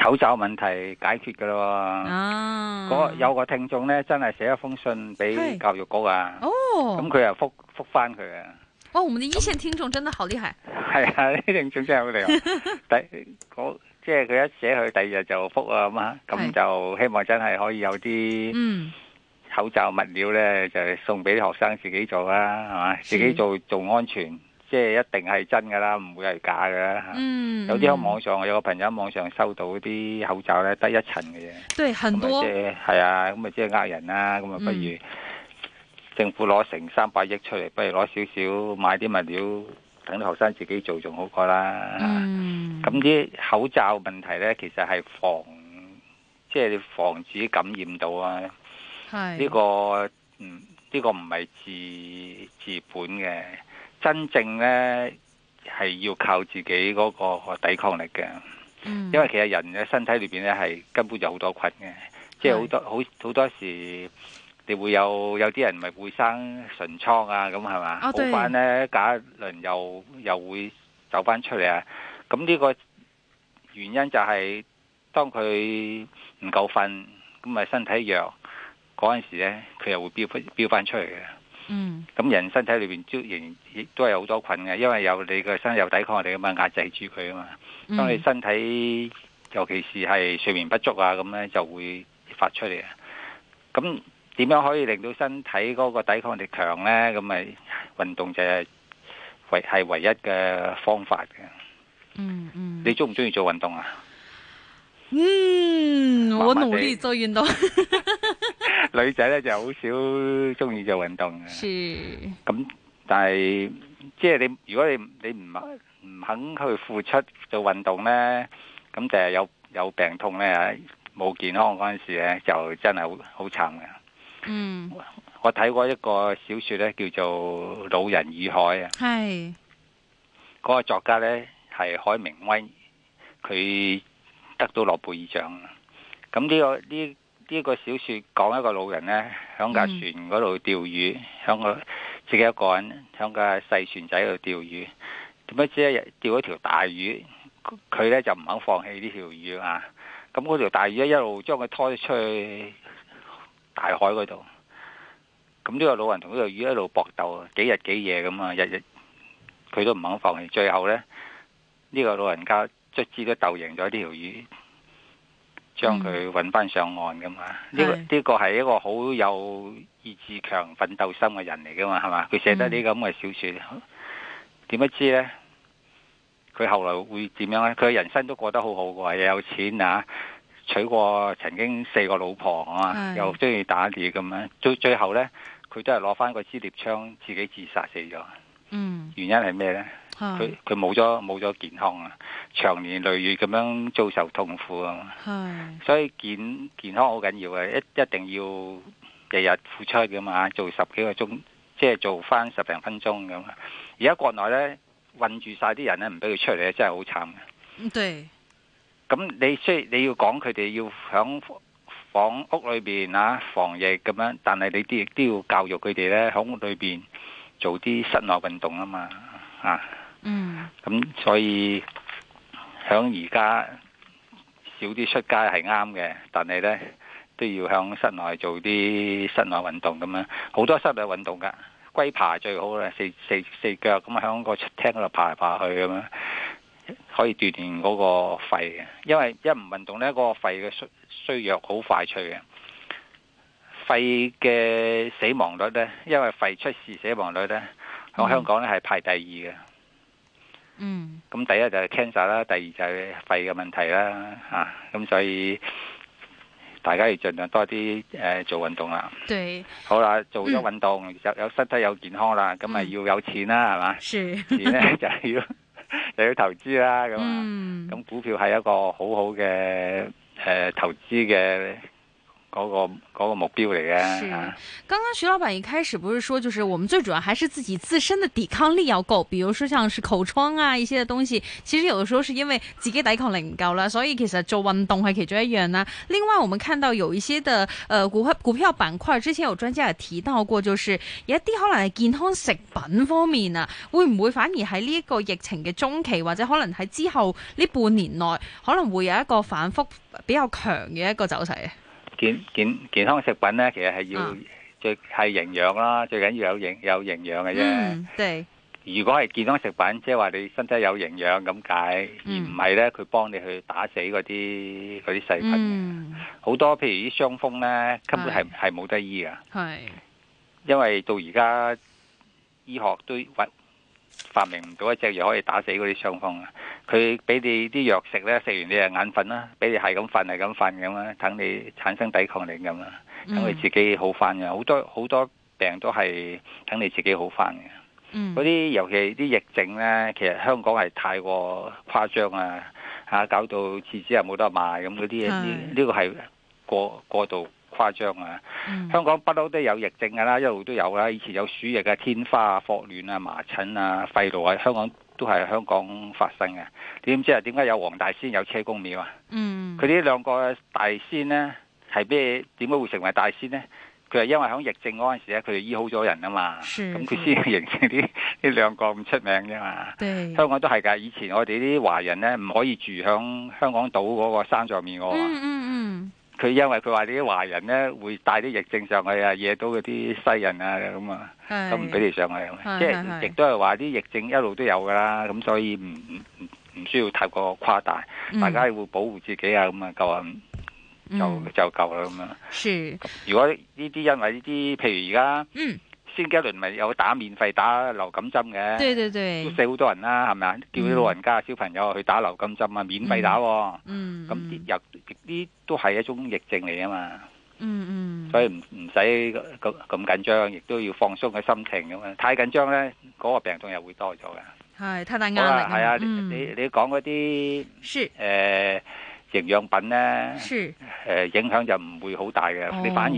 口罩問題解決噶啦，嗰有個聽眾咧真係寫一封信俾教育局啊，咁佢又覆覆翻佢啊。哦，我們的一線聽眾真係好厲害。係啊，呢聽眾真係好厲害。第嗰即係佢一寫去，第二日就覆啊嘛，咁就希望真係可以有啲口罩物料咧，就送俾啲學生自己做啦，係嘛，自己做仲安全。即係一定係真噶啦，唔會係假噶啦。嗯，有啲喺網上，嗯、有個朋友喺網上收到啲口罩咧，得一層嘅即對，即係、很多係啊，咁咪即係呃人啦。咁啊、嗯，不如政府攞成三百億出嚟，不如攞少少買啲物料，等啲學生自己做，仲好過啦。咁啲、嗯、口罩問題咧，其實係防，即係防止感染到啊。係呢個、嗯呢個嗯呢個唔係治治本嘅。真正咧係要靠自己嗰個抵抗力嘅，嗯、因為其實人嘅身體裏邊咧係根本就好多菌嘅，是即係好多好好多時，你會有有啲人咪會生唇瘡啊，咁係嘛，好翻咧隔一輪又又會走翻出嚟啊，咁呢個原因就係當佢唔夠瞓，咁咪身體弱嗰陣時咧，佢又會飆翻飆翻出嚟嘅。嗯，咁人身體裏邊亦都係好多菌嘅，因為有你個身體有抵抗力啊嘛，壓制住佢啊嘛。當你身體尤其是係睡眠不足啊咁咧，就會發出嚟。咁點樣可以令到身體嗰個抵抗力強咧？咁咪運動就係唯係唯一嘅方法嘅，嗯。嗯嗯，你中唔中意做運動啊？嗯，慢慢我努力做運動。 女仔咧就好少中意做運動嘅，咁是但係即係你如果你你唔唔肯去付出做運動咧，咁就係有有病痛咧，冇健康嗰陣時咧，就真係好好慘嘅。嗯，我睇過一個小說咧，叫做《老人與海》啊，係嗰是個作家咧係海明威，佢得到諾貝爾獎，咁呢、呢個呢？呢個呢個小說講一個老人呢，響架船嗰度釣魚，響、嗯、個自己一個人，響架細船仔度釣魚。點解知一日釣咗條大魚，佢呢就唔肯放棄呢條魚啊！咁嗰條大魚一路將佢拖出去大海嗰度，咁呢個老人同呢條魚一路搏鬥，幾日幾夜咁啊！日日佢都唔肯放棄，最後呢，呢、這個老人家卒之都鬥贏咗呢條魚。將佢揾翻上岸噶嘛？呢、這個呢是個係一個好有意志強、奮鬥心嘅人嚟噶嘛？係嘛？佢寫得啲咁嘅小說，點不、嗯、知呢？佢後來會點樣咧？佢人生都過得好好、啊、噶，又有錢啊，娶過曾經四個老婆啊，是又中意打獵咁樣，最最後咧，佢都係攞翻個支獵槍自己自殺死咗。嗯，原因係咩呢？佢佢冇咗冇咗健康啊，長年累月咁樣遭受痛苦啊，嘛所以健健康好緊要嘅，一一定要日日付出嘅嘛，做十幾個鐘，即係做翻十零分鐘咁。而家國內呢，困住晒啲人呢，唔俾佢出嚟，真係好慘嘅。咁你即係你要講佢哋要響房屋裏邊啊防疫咁樣，但係你啲亦都要教育佢哋呢，響屋裏邊做啲室內運動啊嘛，啊！嗯，咁所以響而家少啲出街係啱嘅，但係呢，都要響室內做啲室內運動咁樣，好多室內運動噶龜爬最好啦，四四四腳咁響個廳度爬嚟爬去咁樣，可以鍛煉嗰個肺嘅。因為一唔運動呢，嗰、嗰個肺嘅衰衰弱好快脆嘅，肺嘅死亡率呢，因為肺出事死亡率呢，響香港呢係、嗯、排第二嘅。嗯，咁第一就係 cancer 啦，第二就係肺嘅問題啦，嚇、啊，咁所以大家要儘量多啲誒、呃、做運動啦。對好啦，做咗運動有、嗯、有身體有健康啦，咁咪要有錢啦，係嘛、嗯？是，吧是， 錢咧就係要你要投資啦，咁咁、嗯、股票係一個好好嘅誒投資嘅。嗰、那個、那個目標嚟嘅。是，剛剛徐老闆一開始不是說，就是我們最主要還是自己自身的抵抗力要夠，比如說像是口瘡啊，一些的東西，其實有的時候是因為自己抵抗力唔夠啦，所以其實做運動係其中一樣啦、啊。另外，我們看到有一些的，誒、呃，股股票板塊，之前有專家也提到過，就是有一啲可能係健康食品方面啊，會唔會反而喺呢一個疫情嘅中期，或者可能喺之後呢半年內，可能會有一個反覆比較強嘅一個走勢？健健健康食品咧，其實係要最係營養啦，最緊要有營有營養嘅啫。嗯、如果係健康食品，即係話你身體有營養咁解，嗯、而唔係咧，佢幫你去打死嗰啲嗰啲細菌。嗯、好多譬如啲傷風咧，根本係係冇得醫噶。係，因為到而家醫學都發明唔到一隻藥可以打死嗰啲傷風啊！佢俾你啲藥食咧，食完你啊眼瞓啦，俾你係咁瞓係咁瞓咁啦，等你產生抵抗力咁啦，等、嗯、你自己好翻嘅。好多好多病都係等你自己好翻嘅。嗰啲尤其啲疫症咧，其實香港係太過誇張啊！吓搞到廁紙又冇得賣咁嗰啲，呢個係過過度。誇張啊！嗯，香港不嬲都有疫症噶啦，一路都有啦。以前有鼠疫啊、天花啊、霍亂啊、麻疹啊、肺癆啊，香港都係香港發生嘅。點知啊？點解有黃大仙有車公廟啊？嗯，佢呢兩個大仙呢，係咩？點解會成為大仙呢？佢係因為喺疫症嗰陣時咧，佢就醫好咗人啊嘛。咁佢先形成啲呢兩個咁出名啫嘛。對香港都係㗎。以前我哋啲華人咧，唔可以住響香港島嗰個山上面㗎。佢因為佢話呢啲華人咧會帶啲疫症上去啊，惹到嗰啲西人啊咁啊，咁唔俾你上去咁。即係亦都係話啲疫症一路都有噶啦，咁所以唔唔唔需要太過誇大，嗯、大家會保護自己啊咁啊夠啊，嗯、就就夠啦咁啊。樣是如果呢啲因為呢啲，譬如而家。嗯。先嗰輪咪有打免費打流感針嘅，對對對，都死好多人啦，係咪啊？叫啲老人家、小朋友去打流感針啊，免費打。嗯，咁啲又呢都係一種疫症嚟啊嘛。嗯嗯。所以唔唔使咁咁緊張，亦都要放鬆嘅心情啊嘛。太緊張咧，嗰個病痛又會多咗嘅。係，太大壓力。係啊，你你講嗰啲是誒。營養品咧，誒是、呃、影響就唔會好大嘅，哦、你反而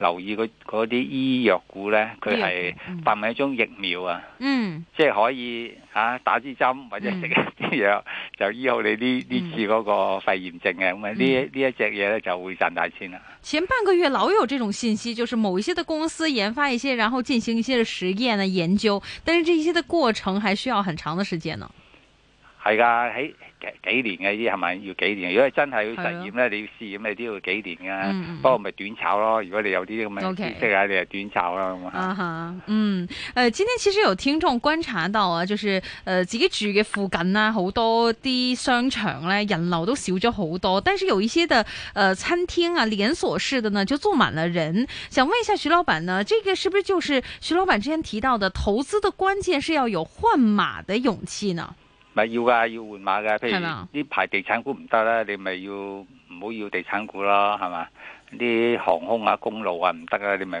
留意嗰啲醫藥股咧，佢係發明一種疫苗啊，嗯，即係可以嚇、啊、打支針或者食啲藥就醫好你、嗯、呢呢次嗰個肺炎症嘅，咁啊呢呢一隻嘢咧就會賺大錢啦。前半個月老有這種信息，就是某一些的公司研發一些，然後進行一些嘅實驗啊研究，但是這些的過程還需要很長的時間呢？係噶，喺幾年嘅呢啲係咪要幾年？如果真係要實驗咧，的你要試驗，你都要幾年嘅。嗯、不過咪短炒咯。如果你有啲咁嘅知識啊，Okay. 你係短炒咯咁啊。啊哈、uh，huh. 嗯，誒、呃，今天其實有聽眾觀察到啊，就是誒、呃、自己住嘅附近啦、啊，好多啲商場咧人流都少咗好多，但是有一些嘅誒、呃、餐廳啊，連鎖式嘅呢就坐滿了人。想問一下徐老闆呢，這個是不是就是徐老闆之前提到的投資的關鍵是要有換馬的勇氣呢？咪要噶，要換碼噶。譬如呢排地產股唔得啦，你咪要唔好要，要地產股啦，係嘛？啲航空啊、公路啊唔得啊，你咪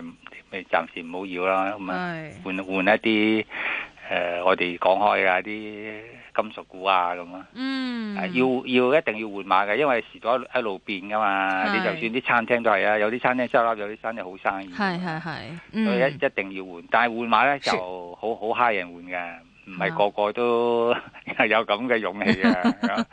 咪暫時唔好要啦。咁啊，換是換一啲誒、呃，我哋講開啊，啲金屬股啊咁啊。嗯，要要一定要換馬嘅，因為時代一,一路變噶嘛。是你就算啲餐廳都係啊，有啲餐廳執笠，有啲餐廳好生意。係係係。所以一是、嗯、一定要換，但係換馬咧就好好蝦人換嘅。唔係個個都有咁嘅勇氣嘅，咁呢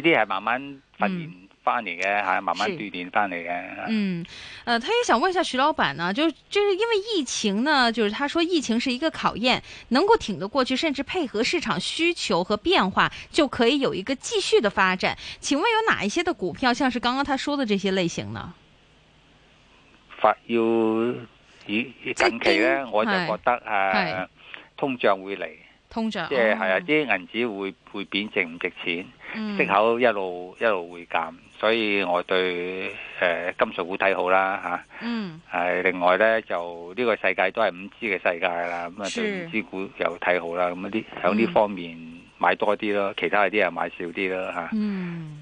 啲係慢慢訓練翻嚟嘅吓， 嗯、慢慢鍛煉翻嚟嘅。嗯，誒、呃，他也想問一下徐老闆呢，就就是因為疫情呢，就是他說疫情是一個考驗，能夠挺得過去，甚至配合市場需求和變化，就可以有一個繼續的發展。請問有哪一些的股票，像是剛剛他說的這些類型呢？發要咦近期呢，哎、我就覺得誒，通脹會嚟。通脹即係係啊！啲、哦、銀紙會會貶值唔值錢，嗯、息口一路一路會減，所以我對誒、呃、金屬股睇好啦嚇。啊、嗯，係另外咧就呢個世界都係 5G 嘅世界啦，咁啊是對 5G 股又睇好啦，咁啲喺呢方面買多啲咯，其他啲又買少啲咯嚇。嗯。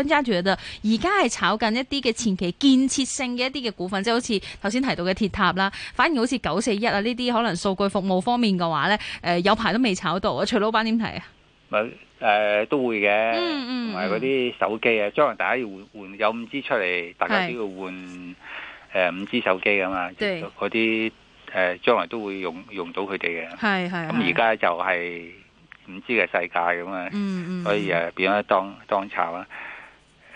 揸住啊！而家係炒緊一啲嘅前期建設性嘅一啲嘅股份，即係好似頭先提到嘅鐵塔啦，反而好似九四一啊呢啲可能數據服務方面嘅話咧，誒有排都未炒到啊！徐老闆點睇啊？唔誒都會嘅，同埋嗰啲手機啊，將來大家換換有五 G 出嚟，大家都要換誒五 G 手機噶嘛，即嗰啲誒將來都會用用到佢哋嘅。係係咁而家就係五 G 嘅世界噶嘛，所以誒變咗當當炒啦。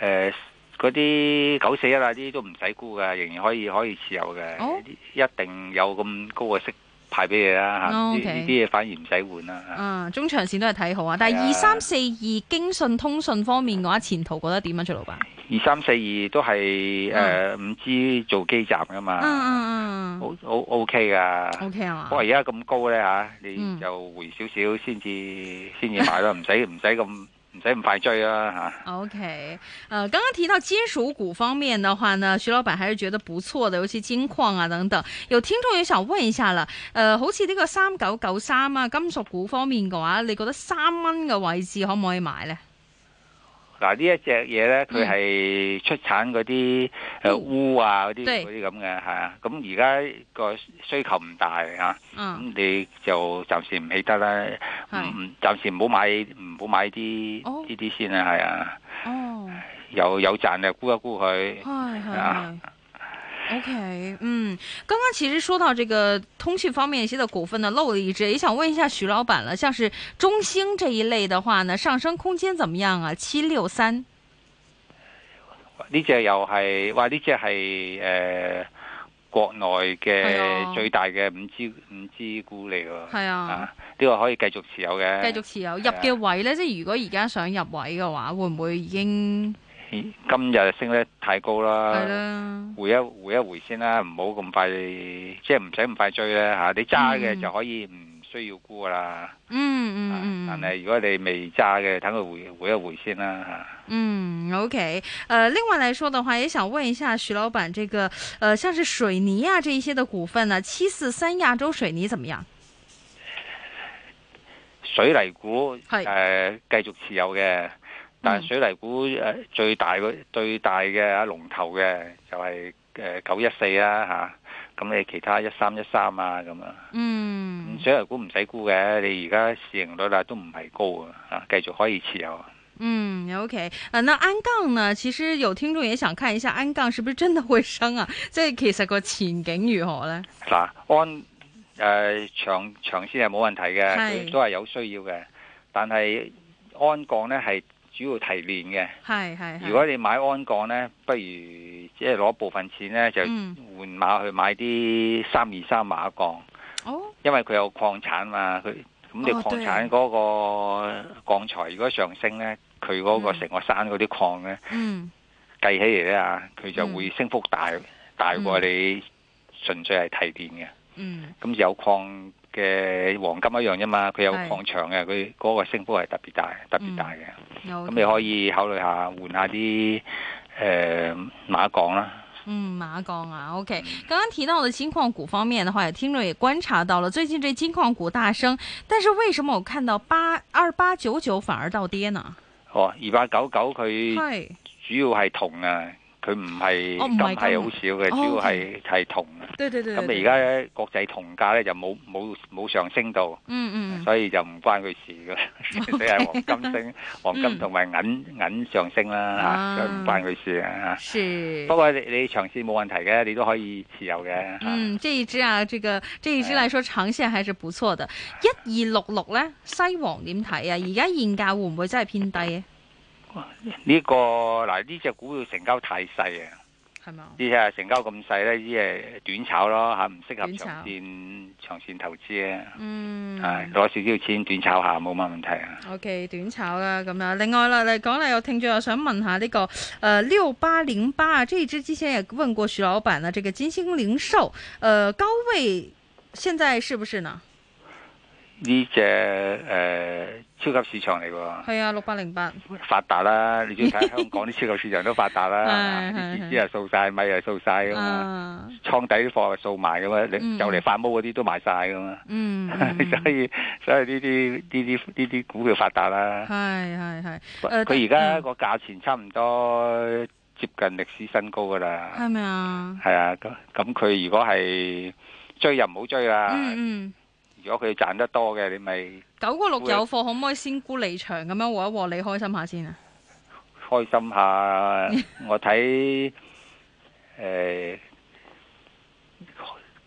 誒，嗰啲九四一啊，啲都唔使沽嘅，仍然可以可以持有嘅，oh? 一定有咁高嘅息派俾你啦吓，啲啲嘢反而唔使換啦。啊，uh, 中長線都係睇好啊，啊但係二三四二京信通訊方面嘅話，前途覺得點樣啊？朱老闆，二三四二都係誒 5G 做基站噶嘛？嗯嗯嗯，好好 OK 噶。OK 啊！不過而家咁高咧吓，你就回少少先至先至買啦，唔使唔使咁。 唔使咁快追啊嚇。OK，誒、呃，剛剛提到金屬股方面嘅話呢，徐老闆還是覺得不錯的，尤其金礦啊等等。有聽眾想問一下啦，誒、呃，好似呢個三九九三啊，金屬股方面嘅話，你覺得三蚊嘅位置可唔可以買呢？嗱、啊、呢一隻嘢咧，佢係出產嗰啲誒烏啊嗰啲啲咁嘅吓，咁而家個需求唔大啊，咁你、哦、就暫時唔起得啦，暫時唔好買唔好買啲呢啲先啦。係啊，有有賺就估一估佢，係係。O.K. 嗯，剛剛其實說到這個通訊方面，一些嘅股份呢漏了一隻，也想問一下徐老闆啦，像是中興這一類的話呢，上升空間怎麼樣啊？七六三呢隻又係，哇，呢隻係誒國內嘅最大嘅五 G 五 G 股嚟噶，係啊，呢、啊，這個可以繼續持有嘅，繼續持有，入嘅位呢？啊、即係如果而家想入位嘅話，會唔會已經？今日升得太高啦的，回一回一回先啦，唔好咁快，即係唔使咁快追啦。吓、啊。你揸嘅就可以唔需要沽啦、嗯。嗯嗯、啊，但係如果你未揸嘅，等佢回回一回先啦吓。嗯，OK。誒、呃，另外嚟說的話，也想問一下徐老闆，這個誒、呃，像是水泥啊，這一些的股份呢、啊？七四三亞洲水泥怎麼樣？水泥股係誒、呃，繼續持有嘅。但係水泥股誒最大嘅最大嘅啊龍頭嘅就係誒九一四啦，嚇，咁、啊、你其他一三一三啊咁啊，嗯，水泥股唔使估嘅，你而家市盈率啦都唔係高啊，嚇，繼續可以持有。嗯，OK，嗱、啊，那安鋼呢，其實有聽眾也想看一下安鋼係咪真係會升啊？即係其實個前景如何咧？嗱、啊，安誒長長線係冇問題嘅，是都係有需要嘅，但係安鋼咧係。主要提煉嘅，係係。如果你買安鋼咧，不如即係攞部分錢咧就換馬去買啲三二三馬鋼，哦，因為佢有礦產嘛，佢咁你礦產嗰個鋼材如果上升咧，佢嗰、哦、個成個山嗰啲礦咧，嗯，計起嚟咧啊，佢就會升幅大，嗯、大過你純粹係提煉嘅，嗯，咁就有礦。嘅黃金一樣啫嘛，佢有礦場嘅，佢嗰是個升幅係特別大，特別大嘅。咁、嗯嗯、你可以考慮下換一下啲誒、呃、馬鋼啦。嗯，馬鋼啊，OK。剛剛提到嘅金礦股方面嘅話，聽眾也觀察到了最近這金礦股大升，但是為什麼我看到八二八九九反而倒跌呢？哦，二八九九佢，係主要係銅啊。佢唔係金係好少嘅，主要係係銅。對對對。咁你而家國際銅價咧就冇冇冇上升到。嗯嗯。所以就唔關佢事嘅，只係黃金升，黃金同埋銀銀上升啦嚇，就唔關佢事啊。是。不過你你長線冇問題嘅，你都可以持有嘅。嗯，這一隻啊，這個這一隻嚟講長線還是不錯的。一二六六咧，西王點睇啊？而家現價會唔會真係偏低啊？呢、這個嗱呢隻股票成交太細啊，係嘛嗎？呢隻成交咁細咧，呢係短炒咯吓，唔適合長線炒長線投資咧、啊。嗯，係攞、哎、少少錢短炒下冇乜問題啊。O、okay, K，短炒啦咁樣。另外啦，嚟講咧，又聽住我想問下呢、這個，誒六八零八啊，即係之前也問過徐老闆啊，這個金星零售，誒、呃、高位現在是不是呢？呢隻誒。呃超級市場嚟㗎，係啊，六百零八發達啦！你知睇香港啲超級市場都發達啦，啲紙啊掃晒，米啊掃晒噶嘛，倉、啊、底啲貨啊掃埋噶嘛，就嚟發毛嗰啲都賣晒噶嘛，所以所以呢啲呢啲呢啲股票發達啦，係係係，佢而家個價錢差唔多接近歷史新高噶啦，係咪啊？係啊，咁咁佢如果係追又唔好追啦，嗯、如果佢賺得多嘅你咪。九個六有貨，可唔可以先沽離場咁樣和一和你開心下先啊？開心下，我睇誒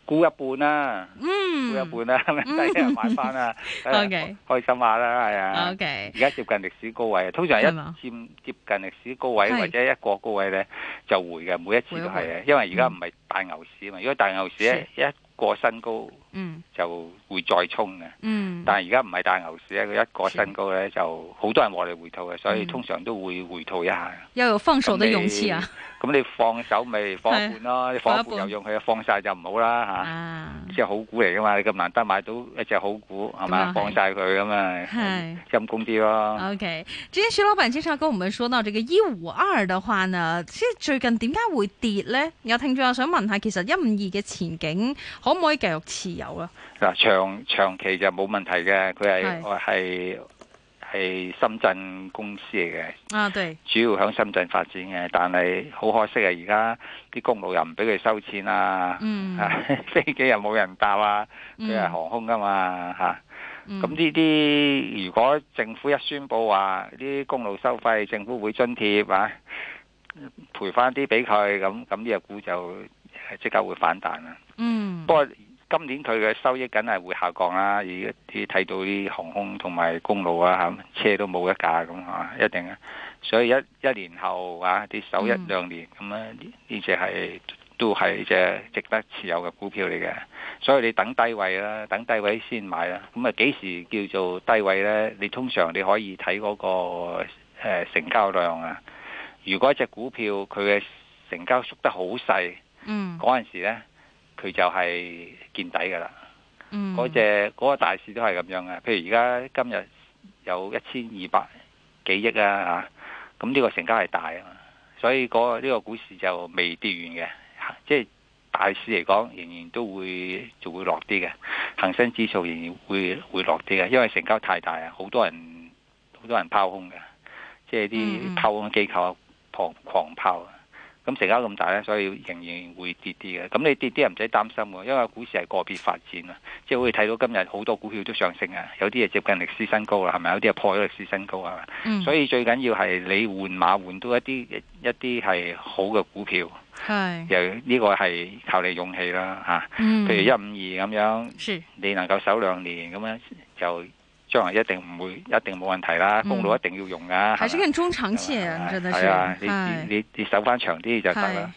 沽一半啦，嗯，沽一半啦，咁樣第一日買翻啦，OK，開心下啦，係啊，OK，而家接近歷史高位，通常一佔接近歷史高位或者一個高位咧就回嘅，每一次都係，因為而家唔係大牛市啊嘛，如果大牛市咧一過新高，嗯，就會再衝嘅。嗯，但係而家唔係大牛市咧，佢一個新高咧就好多人話嚟回吐嘅，所以通常都會回吐一下。又有放手的勇氣啊！咁你放手咪放半咯，放半有用佢，放晒就唔好啦吓。即係好股嚟噶嘛，你咁難得買到一隻好股係嘛，放晒佢咁啊，陰功啲咯。OK，之前徐老闆經常跟我們說到這個一五二的話呢，即係最近點解會跌咧？有聽眾我想問下，其實一五二嘅前景可唔可以繼續持？有咯，嗱長長期就冇問題嘅，佢係我係係深圳公司嚟嘅，啊對，主要喺深圳發展嘅，但係好可惜啊！而家啲公路又唔俾佢收錢啊，飛機又冇人搭啊，佢係航空噶嘛吓，咁呢啲如果政府一宣布話呢啲公路收費，政府會津貼啊，賠翻啲俾佢，咁咁呢隻股就即刻會反彈啦，嗯，不過。今年佢嘅收益梗係會下降啦，而家啲睇到啲航空同埋公路啊，吓車都冇一架咁啊，一定啊！所以一一年後啊，啲首一兩年咁啊，呢隻係都係隻值得持有嘅股票嚟嘅。所以你等低位啦，等低位先買啦。咁啊，幾時叫做低位呢？你通常你可以睇嗰個誒成交量啊。如果一隻股票佢嘅成交縮得好細，嗰陣、嗯、時呢。佢就係見底噶啦，嗰隻嗰個大市都係咁樣嘅。譬如而家今日有一千二百幾億啦，啊、嚇，咁、啊、呢個成交係大啊嘛，所以嗰個呢個股市就未跌完嘅，即係大市嚟講仍然都會就會落啲嘅，恒生指數仍然會會落啲嘅，因為成交太大啊，好多人好多人拋空嘅，即係啲拋空機構狂狂拋啊。嗯嗯。咁成交咁大咧，所以仍然會跌啲嘅。咁你跌啲又唔使擔心喎，因為股市係個別發展啊，即係會睇到今日好多股票都上升啊，有啲係接近歷史新高啦，係咪？有啲係破咗歷史新高係咪？是是嗯、所以最緊要係你換馬換到一啲一啲係好嘅股票，又呢是個係靠你勇氣啦嚇。譬、啊嗯、如一五二咁樣，是你能夠守兩年咁樣就。將來一定唔會，一定冇問題啦。公路一定要用噶，係啊，你你你守翻長啲就得啦。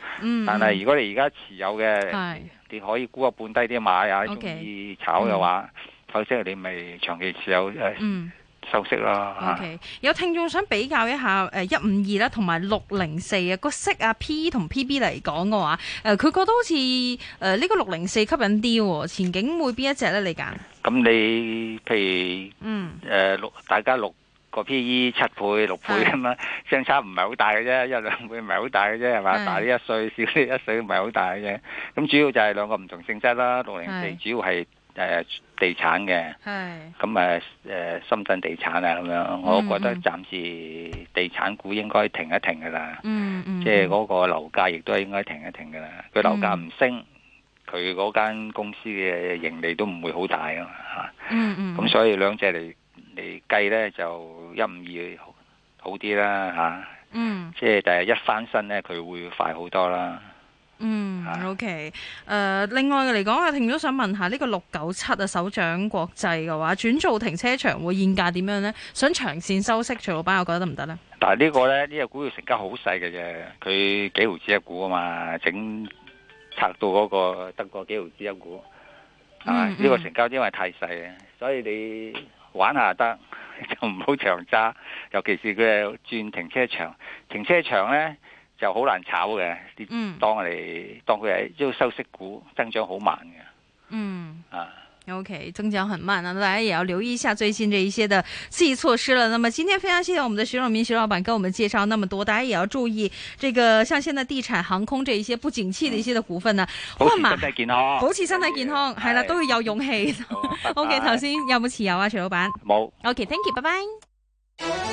但係如果你而家持有嘅，你可以估個半低啲買啊，可以容易炒嘅話，否則你咪長期持有誒。收息啦。OK，有聽眾想比較一下誒一五二啦，同埋六零四啊，啊、那個息啊 PE 同 PB 嚟講嘅話，誒、呃、佢覺得好似誒呢個六零四吸引啲喎，哦，前景會邊一隻咧？你揀？咁你譬如嗯誒六、呃，大家六個 PE 七倍六倍咁嘛，相是差唔係好大嘅啫，一兩倍唔係好大嘅啫，係嘛？是大啲一歲，少啲一歲唔係好大嘅啫。咁主要就係兩個唔同性質啦，六零四主要係。誒、啊，地產嘅，咁誒是，誒、啊，深圳地產啊，咁樣、嗯嗯，我覺得暫時地產股應該停一停噶啦，即係嗰個樓價亦都係應該停一停噶啦。佢樓價唔升，佢嗰間公司嘅盈利都唔會好大啊嘛。啊嗯嗯。咁所以兩隻嚟嚟計咧就一五二好啲啦，吓、啊。嗯。即係、嗯、第日一翻身咧，佢會快好多啦。嗯、啊、，OK。誒，另外嚟講，我聽咗想問下呢、呢個六九七啊，首長國際嘅話轉做停車場會現價點樣呢？想長線收息，徐老闆，我覺得得唔得呢？但係呢個呢，呢、這、隻、個、股票成交好細嘅啫，佢幾毫子一股啊嘛，整拆到嗰個得個幾毫子一股。啊、嗯嗯，呢、哎呢個成交因為太細啊，所以你玩下得，就唔好長揸。尤其是佢轉停車場，停車場呢，就好難炒嘅，當我哋、嗯、當佢係要收息股，增長好慢嘅。嗯，啊，O、okay, K，增長很慢啊，大家也要留意一下最近這一些的刺激措施啦。那麼今天非常謝謝我們的徐潤民徐老闆跟我們介紹那麼多，大家也要注意，這個像現在地產、航空這一些不景氣的一些的股份呢、啊，保持身體健康，保持身體健康，係啦，都要有勇氣。O K，頭先有冇持有啊，徐老闆？冇有。O、okay, K，thank you，拜拜。Bye.